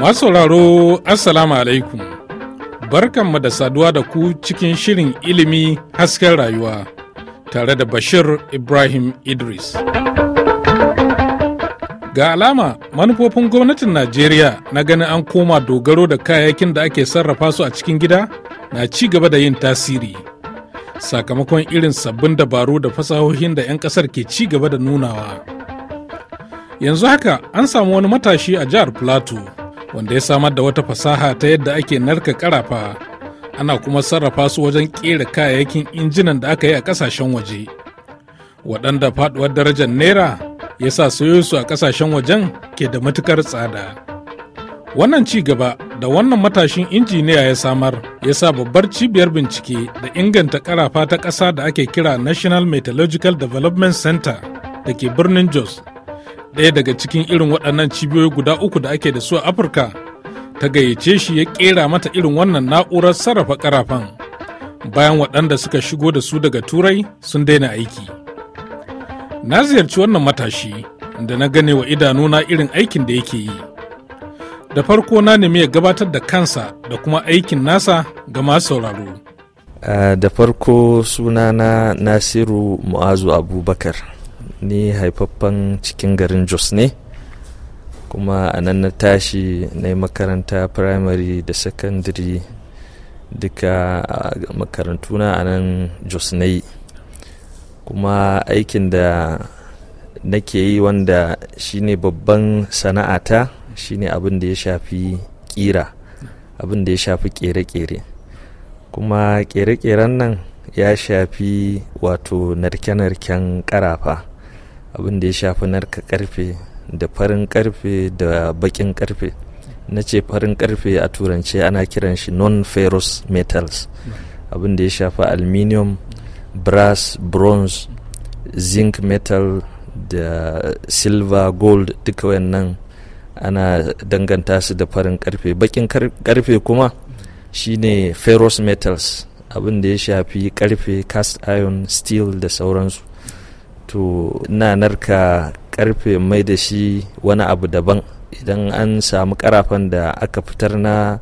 Masu sauraro Assalamu alaikum. Barkanmu da saduwa da ku cikin shirin ilimi hasken rayuwa tare da Bashir Ibrahim Idris. Ga alama manufofin gwamnatin Najeriya na ganin an koma dogaro da kayayyakin da ake sarrafa su a cikin gida na ci gaba da yin tasiri. sakamakon irin sabbin dabaru da fasahohin da 'yan kasar ke ci gaba da nunawa yanzu haka an samu wani matashi a jihar plateau wanda ya samar da wata fasaha ta yadda ake narka karafa ana kuma sarrafa su wajen kera kayayyakin injinan da aka yi a kasashen waje waɗanda faɗuwar darajar naira ya sa a kasashen wajen ke da matukar tsada wannan ci gaba da wannan matashin injiniya ya samar ya sa babbar cibiyar bincike da inganta karafa ta ƙasa da ake kira national metallurgical development center da ke birnin jos ɗaya daga cikin irin waɗannan cibiyoyi guda uku da ake da su a afirka ta gayyace shi ya ƙera mata irin wannan na'urar sarrafa karafan bayan waɗanda suka shigo da su daga turai sun daina aiki na ziyarci wannan matashi da na gane wa idanuna irin aikin da yake yi da farko na nemi ya gabatar da kansa da kuma aikin nasa ga masu sauraro. da farko sunana nasiru mu'azu abubakar ni haifaffen cikin garin jos ne kuma a nan na tashi na makaranta primary da secondary duka makarantuna a nan jos na yi kuma aikin da nake yi wanda shine babban sana'ata shine abin da ya shafi kira abin da ya shafi kere-kere kuma kere-keren nan ya shafi wato narke-narken karafa abin da ya shafi narka karfe da farin karfe da bakin karfe na ce farin karfe a turance ana kiran shi non-ferrous metals abin da ya shafi aluminium brass bronze zinc metal da silver gold duka wayannan ana danganta su da farin karfe bakin karfe kuma shine ferrous metals abin da ya shafi karfe cast iron steel da sauransu to na narka karfe mai da shi wani abu daban idan an samu karafan da aka fitar na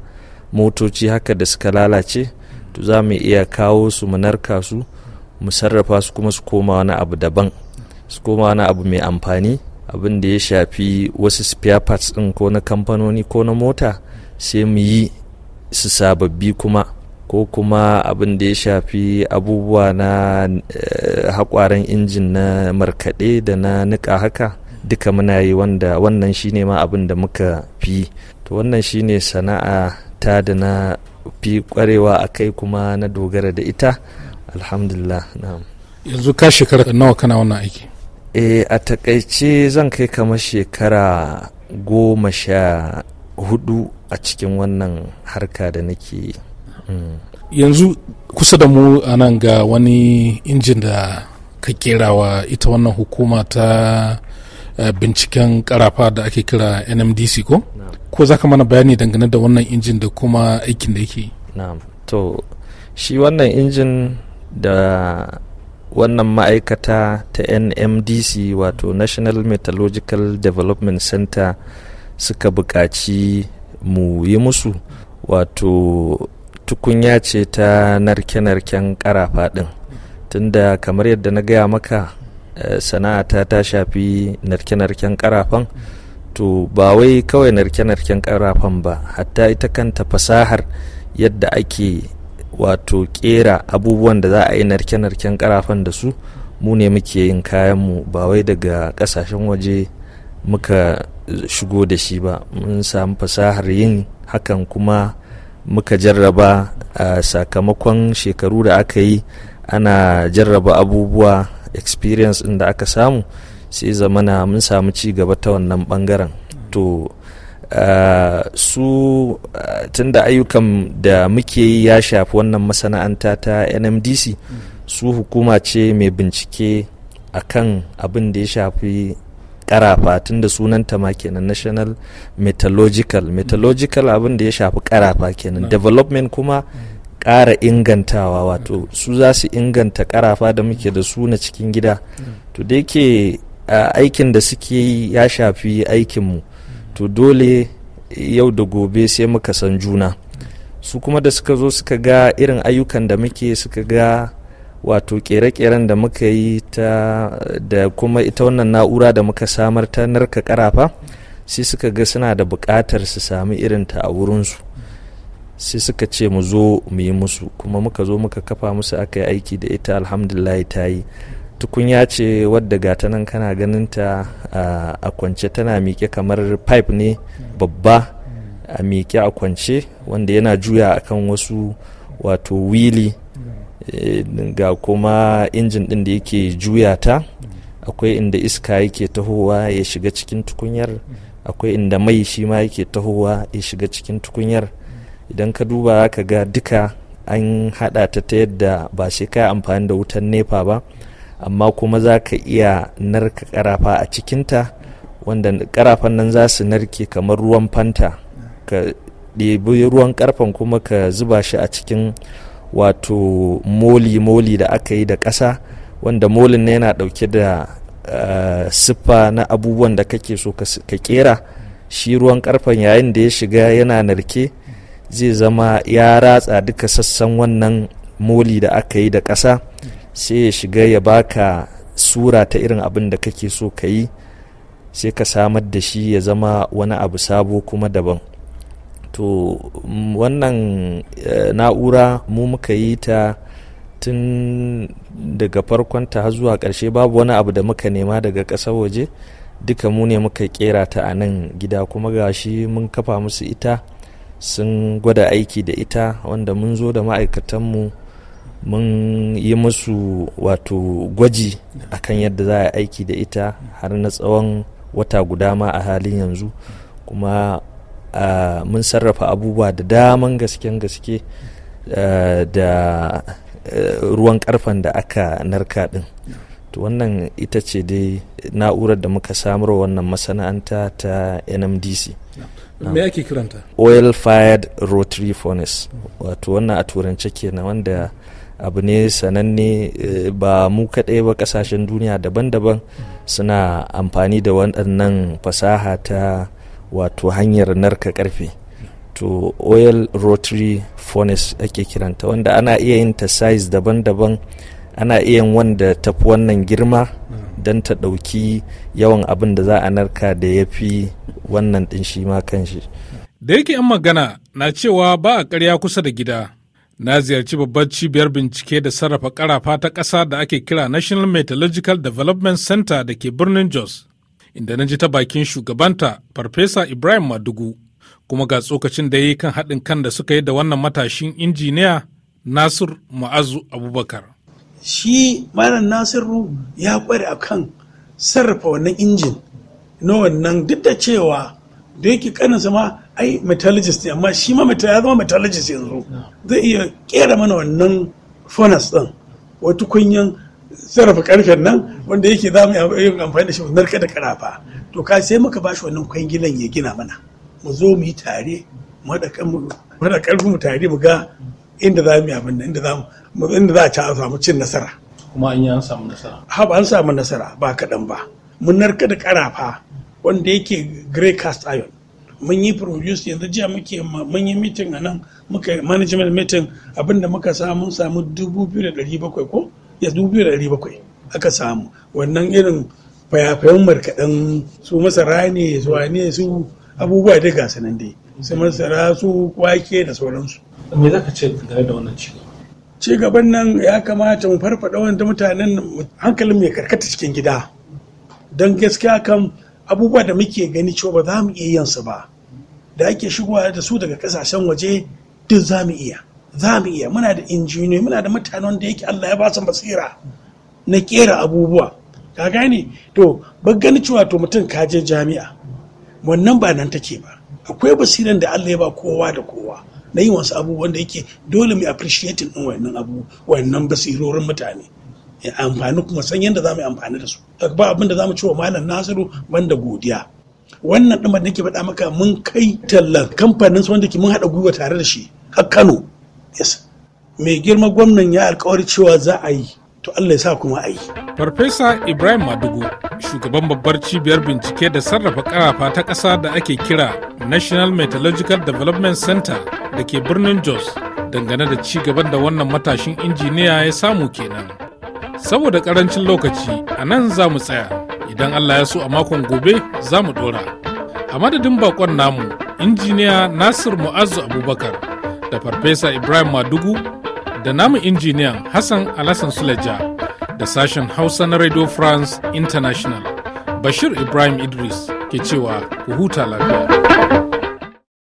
motoci haka da suka lalace to za mu iya kawo su mu narka su mu sarrafa su kuma su koma wani abu daban su koma wani abu mai amfani abin da ya shafi wasu spare parts din ko na kamfanoni ko na mota sai mu yi su sababbi kuma ko kuma abin da ya shafi abubuwa na eh, hakwaren injin na markaɗe da na niƙa haka duka muna yi wanda wannan shine ma abin da muka fi to wannan shine sana'a ta da na fi kwarewa a kai kuma na dogara da ita alhamdulillah yanzu ka shekara nawa kana wannan aiki e a takaice zan kai kamar shekara goma sha hudu a cikin wannan harka da nake hmm. yanzu kusa da mu a nan ga wani injin da ka kerawa ita wannan hukuma ta eh, binciken karafa da ake kira nmdc ko ko za ka mana bayani dangane da wannan injin da kuma aikin da yake yi to shi wannan injin da wannan ma'aikata ta nmdc wato national metallurgical development center suka buƙaci mu yi musu wato tukunya ce ta narke-narken ƙarafa ɗin tunda kamar yadda na gaya maka eh, sana'ata ta shafi narke-narken ƙarafan to ba wai kawai narke-narken ƙarafan ba hatta ita kanta fasahar yadda ake wato kera abubuwan da za a yi narke-narken karafan da su mu ne muke yin mu ba wai daga kasashen waje muka shigo da shi ba mun samu fasahar yin hakan kuma muka jarraba a sakamakon shekaru da aka yi ana jarraba abubuwa experience ɗin da aka samu sai zamana mun samu ci gaba ta wannan bangaren to su eh, tunda ayyukan da muke yi ya shafi wannan masana'anta ta nmdc su hukuma ce mai bincike akan abin da ya shafi karafa tunda sunan ta ma kenan national metallurgical metallurgical abin da ya shafi karafa kenan development kuma ƙara ingantawa wato su za su inganta karafa da muke da su na cikin gida to da yake eh, aikin da suke yi ya shafi aikinmu to dole yau da gobe sai muka san juna su kuma da suka zo suka ga irin ayyukan da muke suka ga wato kere-keren da muka yi ta da kuma ita wannan na'ura da muka samar ta narka karafa sai suka ga suna da buƙatar su sami irin ta a wurinsu sai suka ce mu zo mu yi musu kuma muka zo muka kafa musu aka yi aiki da ita alhamdulillah ta yi tukunya ce wadda gata nan kana ganin ta a kwance tana miƙe kamar pipe ne babba a miƙe a kwance wanda yana juya kan wasu wato wili eh, ga kuma injin ɗin da yake juya ta akwai inda iska yake tahowa ya shiga cikin tukunyar akwai inda mai shi ma yake tahowa ya shiga cikin tukunyar idan ka duba ka ga duka an haɗa ta ta yadda ba sai ka amfani da wutan nepa ba amma kuma za ka iya narka karafa a cikinta wanda karafan nan za su narke kamar ruwan fanta ka ɗebi ruwan karfan kuma ka zuba shi a cikin wato moli-moli da aka yi da ƙasa wanda molin na yana ɗauke da eh, siffa na abubuwan da kake so ka kera shi ruwan karfan yayin da ya shiga yana narke zai zama ya ratsa duka sassan wannan moli da aka yi da ƙasa sai ya shiga ya baka sura ta irin abin da kake so ka yi sai ka samar da shi ya zama wani abu sabo kuma daban to wannan eh, na'ura mu muka yi ta tun daga farkon ta zuwa ƙarshe babu wani abu da muka nema daga ƙasar waje duka mu ne muka kera ta a nan gida kuma gashi mun kafa musu ita sun gwada aiki da ita wanda mun zo da ma'aikatanmu mun yi musu wato gwaji akan yadda za a aiki da ita har na tsawon wata guda ma a halin yanzu kuma mun sarrafa abubuwa da daman gasken gaske da ruwan karfan da aka narka din to wannan ita ce dai na'urar da muka samar wannan masana'anta ta nmdc me ake kiranta oil fired rotary furnace wato wannan a turance kenan wanda abu ne sananne eh, ba mu kaɗai ba ƙasashen duniya daban-daban suna amfani da waɗannan fasaha ta wato hanyar narka ƙarfe to oil rotary furnace ake kiranta wanda ana iya yin ta size daban-daban ana iya yin wanda tafi wannan girma don ta ɗauki yawan abin da za a narka da ya fi wannan ɗin shi ma kan shi da yake 'yan magana na cewa ba a ƙarya kusa da gida na ziyarci babbar cibiyar bincike da sarrafa karafa ta ƙasa da ake kira National Metallurgical Development Center da ke birnin Jos, inda na ji ta bakin shugabanta Farfesa Ibrahim Madugu, kuma ga tsokacin da ya yi kan haɗin kan da suka yi da wannan matashin injiniya Nasir ma'azu Abubakar. Shi Malam Nasiru ya kware kan sarrafa wannan injin na wannan duk da cewa da yake kaninsa ma ai metallurgist ne amma shi ma ya zama metallurgist yanzu zai iya kera mana wannan furnace din wata kunyan sarrafa karfen nan wanda yake za mu yi amfani da shi wannan da karafa to ka sai muka ba shi wannan kwangilan ya gina mana mu zo mu yi tare mu da karfi mu tare mu ga inda za mu yi abin nan inda za a ci a samu cin nasara kuma an yi an samu nasara ha ba an samu nasara ba kaɗan ba mun narka da karafa wanda yake grey cast iron mun yi produce yanzu jiya muke mun yi meeting a nan muka management meeting abinda muka samu samu 2,700 ko ya 2,700 aka samu wannan irin fayafayan markaɗin su masara ne su wane su abubuwa da gasa nan dai su masara su kwake da sauransu me za ka ce game da wannan ci gaban nan ya kamata mu farfaɗa wanda mutanen hankalin mai karkata cikin gida don gaskiya kan abubuwa da muke gani cewa ba za mu iya yin su ba da ake shigowa da su daga kasashen waje duk za mu iya za mu iya muna da injiniyoyi muna da mutane wanda yake Allah ya ba su basira na kera abubuwa ka gane to ba gani cewa to mutum ka je jami'a wannan ba nan take ba akwai basiran da Allah ya ba kowa da kowa na yin wasu abubuwan da yake dole mu appreciating din wannan abu wannan basirorin mutane amfani kuma san yadda za mu yi amfani da su ba abin da za mu ci wa malam nasiru banda godiya wannan ɗin da ke faɗa maka mun kai tallan kamfanin su wanda ke mun haɗa gwiwa tare da shi a kano yes mai girma gwamnan ya alkawari cewa za a yi to allah ya sa kuma a yi farfesa ibrahim madugo shugaban babbar cibiyar bincike da sarrafa karafa ta ƙasa da ake kira national metallurgical development center da ke birnin jos dangane da ci gaban da wannan matashin injiniya ya samu kenan Saboda ƙarancin lokaci a nan za mu tsaya idan Allah ya so a makon gobe za mu ɗora. A madadin bakon namu, injiniya Nasir Mu'azzu Abubakar da Farfesa Ibrahim Madugu da namu injiniyan Hassan Alassan Suleja da sashen Hausa na Radio France International. Bashir Ibrahim Idris ke cewa ku huta lafiya.